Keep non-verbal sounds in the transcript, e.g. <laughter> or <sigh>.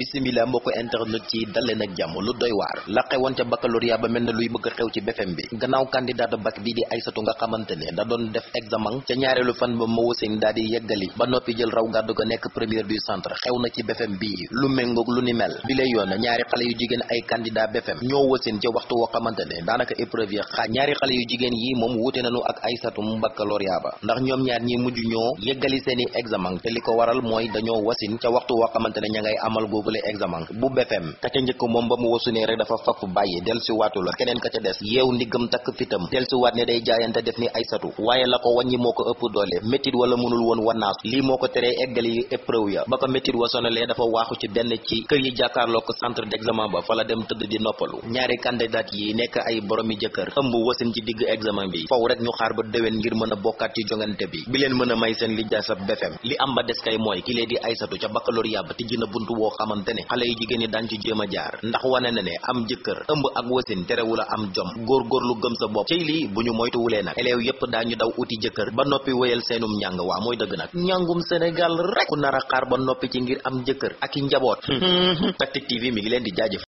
bisimila mbokk internet ci dalleen ak jàmm lu doy waar la xewoon ca baccalauréat ba mel na luy bëgg a xew ci BFM bi gannaaw candidat bac bi di Aysatu nga xamante da doon def examen ca ñaareelu fan ba ma wasin daal di yeggali ba noppi jël raw gàddu ga nekk première du centre xew na ci BFM bi lu méngoog lu ni mel bi lay ñaari xale yu jigéen ay candidat BFM ñoo wasin ca waxtu woo xamante daanaka épreuve ya xaaj ñaari xale yu jigéen yi moom jàppale examen bu BFEM ka ca njëkk moom ba mu wasunee rek dafa fapp bàyyi del si waatu la keneen ka ca des yeew ndiggam takk fitam del si waat ne day jaayante def ni ay satu waaye la ko wàññi moo ko ëpp doole méttit wala mënul woon wannaasu lii moo ko teree eggal yi épreuve ya ba ko méttit wa dafa waaxu ci benn ci kër yi jàkkaarloo centre d'examen ba fa la dem tëdd di noppalu ñaari candidat yi nekk ay boromi jëkkër ëmb wasin ci digg examen bi faw rek ñu xaar a a xamante ne xale yu jigéen ñi daan ci jéem a jaar ndax wane na ne am jëkkër ëmb ak wasin a am jom góorgóorlu gëm sa bopp cey bu ñu moytuwulee nag élèves yépp daañu daw uti jëkkër ba noppi wéyal seenum njàng waa mooy dëgg nag njàngum Sénégal rek ku nar a xaar ba noppi ci ngir am jëkkër ak i njaboot hmm. <laughs> TV mi ngi leen di jaajëf